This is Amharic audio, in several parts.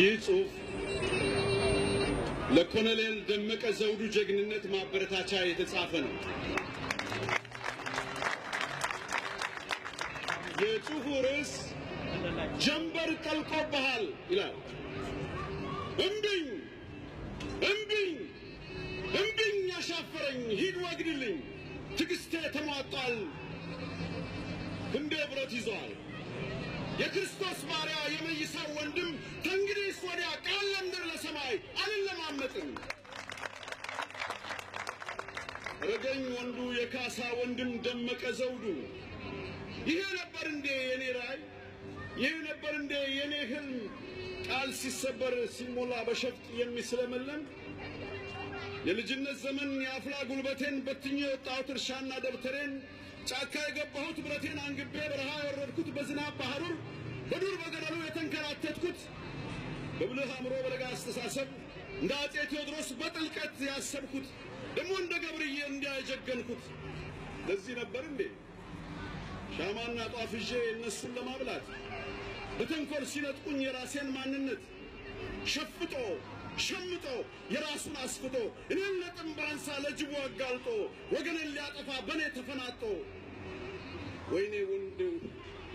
ይህ ጽሁፍ ለኮሎኔል ደመቀ ዘውዱ ጀግንነት ማበረታቻ የተጻፈ ነው። የጽሁፉ ርዕስ ጀንበር ጠልቆብሃል ይላል። እምቢኝ እምቢኝ እምቢኝ ያሻፈረኝ ሂድ ወግድልኝ ትግስቴ ተሟጧል፣ ክንዴ ብረት ይዟል። የክርስቶስ ባሪያ የመይሳው ወንድም ወዲያ ቃል ለምድር ለሰማይ አልለማመጥም። ረገኝ ወንዱ የካሳ ወንድም ደመቀ ዘውዱ። ይሄ ነበር እንዴ የኔ ራዕይ? ይህ ነበር እንዴ የኔ ህልም? ቃል ሲሰበር ሲሞላ በሸፍጥ የሚስለመለም የልጅነት ዘመን የአፍላ ጉልበቴን በትኜ የወጣሁት እርሻና ደብተሬን ጫካ የገባሁት ብረቴን አንግቤ በረሃ የወረድኩት በዝናብ ባህሩር በዱር በገደሉ የተንከራተ በብልህ አእምሮ፣ በለጋ አስተሳሰብ እንደ አፄ ቴዎድሮስ በጥልቀት ያሰብኩት ደግሞ እንደ ገብርዬ እንዲያጀገንኩት ለዚህ ነበር እንዴ ሻማና ጧፍ እነሱን ለማብላት በተንኮል ሲነጥቁኝ የራሴን ማንነት ሸፍጦ ሸምጦ የራሱን አስፍቶ እኔን ለጥንብ አንሳ ለጅቡ አጋልጦ ወገንን ሊያጠፋ በእኔ ተፈናጦ ወይኔ ወንድ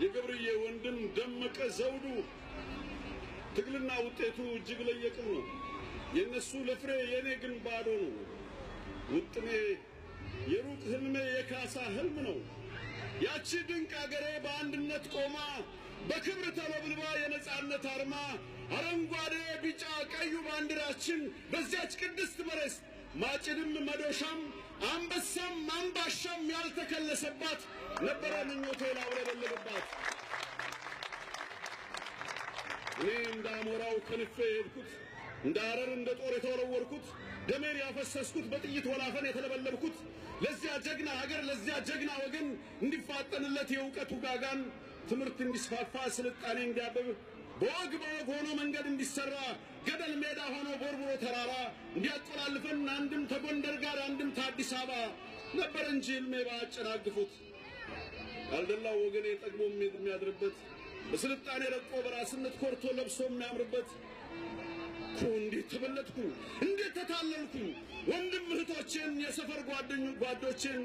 የገብርዬ ወንድም ደመቀ ዘውዱ ትግልና ውጤቱ እጅግ ለየቅል ነው። የእነሱ ለፍሬ የእኔ ግን ባዶ ነው። ውጥኔ የሩቅ ህልሜ የካሳ ህልም ነው። ያቺ ድንቅ አገሬ በአንድነት ቆማ በክብር ተለብልባ የነጻነት አርማ አረንጓዴ፣ ቢጫ፣ ቀዩ ባንዲራችን በዚያች ቅድስት መሬት ማጭድም መዶሻም አንበሳም አንባሻም ያልተከለሰባት ነበረ ምኞቴ ላውለበለበባት እኔ እንደ አሞራው ተንፌ የሄድኩት እንደ አረር እንደ ጦር የተወለወርኩት ደሜን ያፈሰስኩት በጥይት ወላፈን የተለበለብኩት ለዚያ ጀግና ሀገር ለዚያ ጀግና ወገን እንዲፋጠንለት የእውቀቱ ጋጋን ትምህርት እንዲስፋፋ ስልጣኔ እንዲያብብ በወግ በወግ ሆኖ መንገድ እንዲሰራ ገደል ሜዳ ሆኖ ቦርቡሮ ተራራ እንዲያጠላልፈን አንድም ተጎንደር ጋር አንድም ተአዲስ አበባ ነበር እንጂ ሕልሜ ባያጨናግፉት ያልደላው ወገኔ ጠግቦ የሚያድርበት በስልጣኔ ረቆ በራስነት ኮርቶ ለብሶ የሚያምርበት እንዴት ተበለጥኩ፣ እንዴት ተታለልኩ። ወንድም እህቶቼን፣ የሰፈር ጓደኞ ጓዶቼን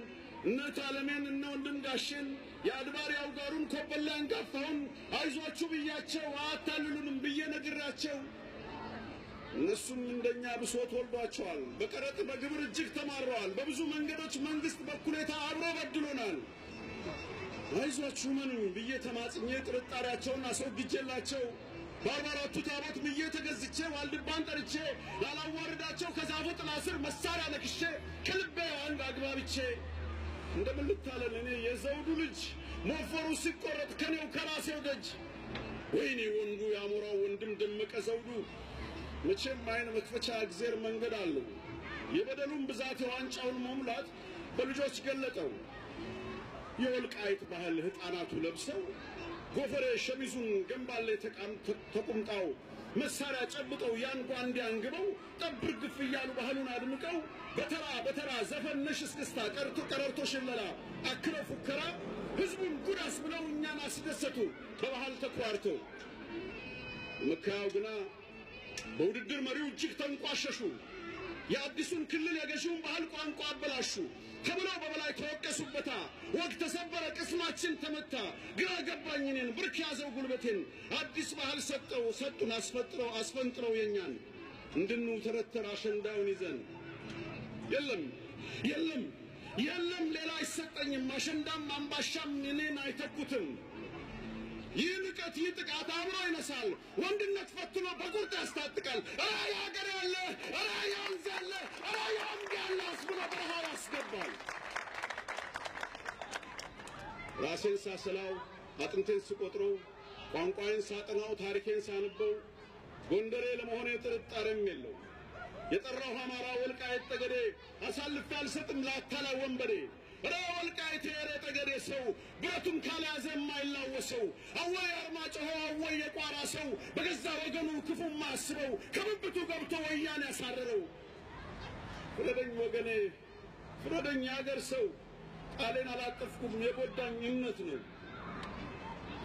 እነት አለሜን እነ ወንድም ጋሼን የአድባሪ ያውጋሩን ኮበላ አንጋፋውን አይዟችሁ ብያቸው አታልሉንም ብዬ ነግራቸው እነሱም እንደኛ ብሶት ወልዷቸዋል። በቀረጥ በግብር እጅግ ተማረዋል። በብዙ መንገዶች መንግስት በኩሌታ አብሮ በድሎናል። አይዟችሁ መኑ ብዬ ተማጽኜ ጥርጣሬያቸውን አስወግጄላቸው በአርባ አራቱ ታቦት ብዬ ተገዝቼ ዋልድባን ጠርቼ ላላዋርዳቸው ከዛፉ ጥላ ስር መሳሪያ ነክሼ ከልቤ አንድ አግባብቼ እንደምልታለን እኔ የዘውዱ ልጅ ሞፈሩ ሲቆረጥ ከኔው ከራሴው ደጅ ወይኔ ወንዱ የአሞራው ወንድም ደመቀ ዘውዱ መቼም አይን መክፈቻ እግዜር መንገድ አለው የበደሉን ብዛት የዋንጫውን መሙላት በልጆች ገለጠው የወልቃይት ባህል ህፃናቱ ለብሰው ጎፈሬ ሸሚዙን ገንባ ላይ ተቆምጣው መሳሪያ ጨብጠው ያንኳ እንዲያንግበው ጠብር ግፍ እያሉ ባህሉን አድምቀው በተራ በተራ ዘፈን ነሽ እስክስታ፣ ቀርቶ ቀረርቶ ሽለላ፣ አክለው ፉከራ ህዝቡን ጉዳስ ብለው እኛን አስደሰቱ በባህል ተኳርቶ። መከራው ግና በውድድር መሪው እጅግ ተንቋሸሹ። የአዲሱን ክልል የገዢውን ባህል ቋንቋ አበላሹ። ተብሎ በበላይ ተወቀሱበታ። ወግ ተሰበረ፣ ቅስማችን ተመታ። ግራ ገባኝንን ብርክ ያዘው ጉልበቴን። አዲስ ባህል ሰጠው ሰጡን አስፈጥረው አስፈንጥረው የኛን ተረተር አሸንዳውን ይዘን የለም የለም የለም ሌላ አይሰጠኝም። አሸንዳም አምባሻም እኔን አይተኩትም። ይህ ንቀት፣ ይህ ጥቃት አብሮ ይነሳል። ወንድነት ፈትኖ በቁርጥ ያስታጥቃል። ራ ሀገር ያለ ራ የወንዝ ያለ ራ የአምድ ያለ አስብሎ በረሃ ያስገባል። ራሴን ሳስላው፣ አጥንቴን ስቆጥረው፣ ቋንቋዬን ሳጥናው፣ ታሪኬን ሳንበው ጎንደሬ ለመሆኔ ጥርጣሬም የለው። የጠራው አማራ፣ ወልቃይት፣ ጠገዴ አሳልፌ አልሰጥም ላታላ ወንበዴ ሰው ቤቱን ካልያዘ የማይላወስ ሰው አወይ አርማጭሆ አወይ የቋራ ሰው በገዛ ወገኑ ክፉ ማስበው ከብብቱ ገብቶ ወያን ያሳረረው ፍረደኝ ወገኔ ፍረደኝ የሀገር ሰው ቃሌን አላጠፍኩም የጎዳኝ እምነት ነው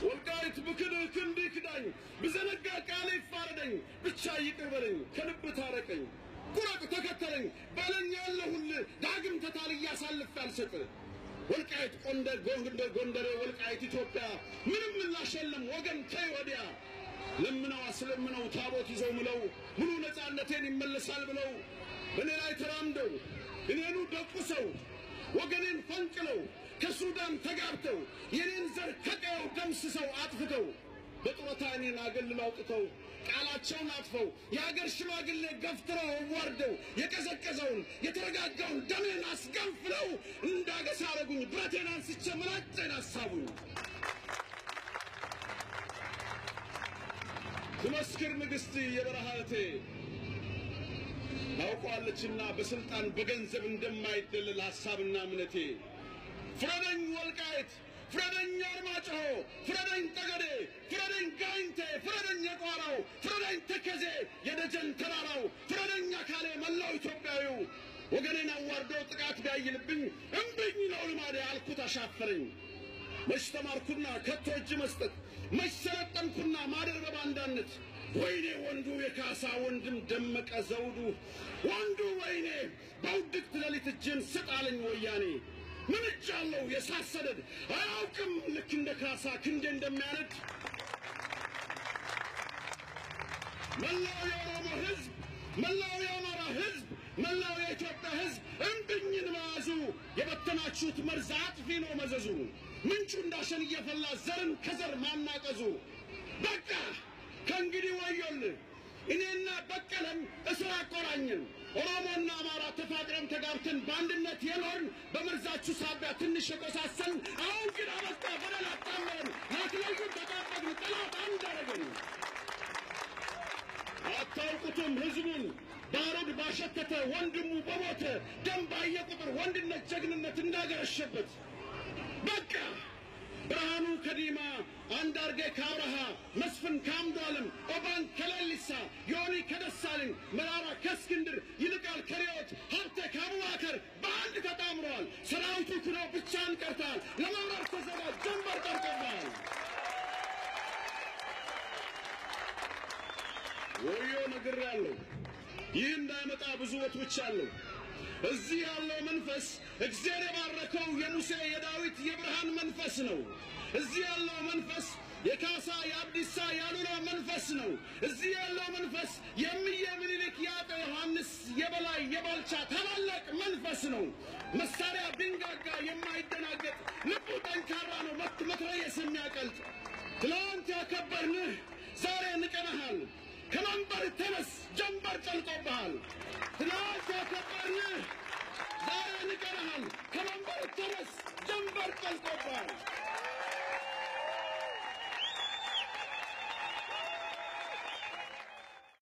ወልቃይት ብክድ ክንድ ክዳኝ ብዘነጋ ቃሌ ይፋረደኝ ብቻ ይቅርበለኝ ከልብ ታረቀኝ ቁረጥ ተከተለኝ በለኝ ያለሁል ዳግም ተታልያ እያሳልፍ አልሰጥ ወልቃይት ቆንደር ጎንደ ጎንደሬ ወልቃይት ኢትዮጵያ ምንም ምላሽ የለም ወገን ከይ ወዲያ ለምነው አስለምነው ታቦት ይዘው ምለው ሙሉ ነፃነቴን ይመለሳል ብለው በእኔ ላይ ተራምደው እኔኑ ደቁሰው ወገኔን ፈንቅለው ከሱዳን ተጋብተው የኔን ዘር ከቀየው ደምስሰው አጥፍተው በጡረታ እኔን አገል አውጥተው ቃላቸውን አጥፈው የሀገር ሽማግሌ ገፍትረው አዋርደው የቀዘቀዘውን የተረጋጋውን ደሜን አስገንፍለው እንዳገሳ አረጉኝ። ብረቴን አንስቼ ምላጬን አሳቡኝ። ትመስክር ንግሥት የበረሃ እቴ ታውቋለችና በስልጣን በገንዘብ እንደማይደለል ሐሳብና እምነቴ ፍረደኝ ወልቃይት፣ ፍረደኝ አርማጭሆ ተከዜ የደጀን ተራራው ፍረደኛ ካሌ መላው ኢትዮጵያዊው ወገኔን አዋርዶ ጥቃት ቢያይልብኝ እምብኝ ነው ልማዴ አልኩት አሻፈረኝ። መች ተማርኩና ከቶ እጅ መስጠት መች ሰለጠንኩና ማደር በባንዳነት ወይኔ ወንዱ የካሳ ወንድም ደመቀ ዘውዱ ወንዱ ወይኔ በውድቅት ሌሊት እጅን ስጣለኝ ወያኔ ምን እጃለሁ የሳሰደድ አያውቅም ልክ እንደ ካሳ ክንዴ እንደሚያነድ መላው የኦሮሞ ህዝብ፣ መላው የአማራ ህዝብ፣ መላው የኢትዮጵያ ህዝብ እምብኝን መያዙ የበተናችሁት መርዝ አጥፊ ነው መዘዙ ምንጩ እንዳሸን እየፈላ ዘርን ከዘር ማናቀዙ በቃ ከእንግዲህ ወዮልን። እኔና በቀለም እስር አቆራኝን። ኦሮሞና አማራ ተፋቅረን ተጋብተን በአንድነት የኖርን በመርዛችሁ ሳቢያ ትንሽ የቆሳሰልን። አሁን ግን አበቃ። በደል አጣመረን፣ ላትለዩን ተጣበቅን፣ ጠላት አንድ አደረገን። አጥፍቶም ህዝቡን ባሩድ ባሸተተ ወንድሙ በሞተ ደም ባየ ቁጥር ወንድነት፣ ጀግንነት እንዳገረሸበት በቃ ብርሃኑ ከዲማ፣ አንዳርጌ ከአብርሃ፣ መስፍን ከአምዷለም፣ ኦባን ከላሊሳ ዮኒ ከደሳለኝ፣ መራራ ከእስክንድር፣ ይልቃል ከሪዮት፣ ሀብተ ከአቡባከር በአንድ ተጣምረዋል። ሰራዊቱ ክነው ብቻን ቀርታል ለመብረር ተዘጋጅ። ጀንበር ወዮ ነገር ያለው ይህ እንዳይመጣ ብዙ ወቶች አለው። እዚህ ያለው መንፈስ እግዚአብሔር የባረከው የሙሴ የዳዊት የብርሃን መንፈስ ነው። እዚህ ያለው መንፈስ የካሳ የአብዲሳ ያሉላ መንፈስ ነው። እዚህ ያለው መንፈስ የምየ ምኒልክ የአጠ ዮሐንስ የበላይ የባልቻ ታላላቅ መንፈስ ነው። መሳሪያ ቢንጋጋ የማይደናገጥ ልቡ ጠንካራ ነው፣ መትረየስ የሚያቀልጥ ትላንት ያከበርንህ ዛሬ እንቀናሃለን። Can anybody tell us?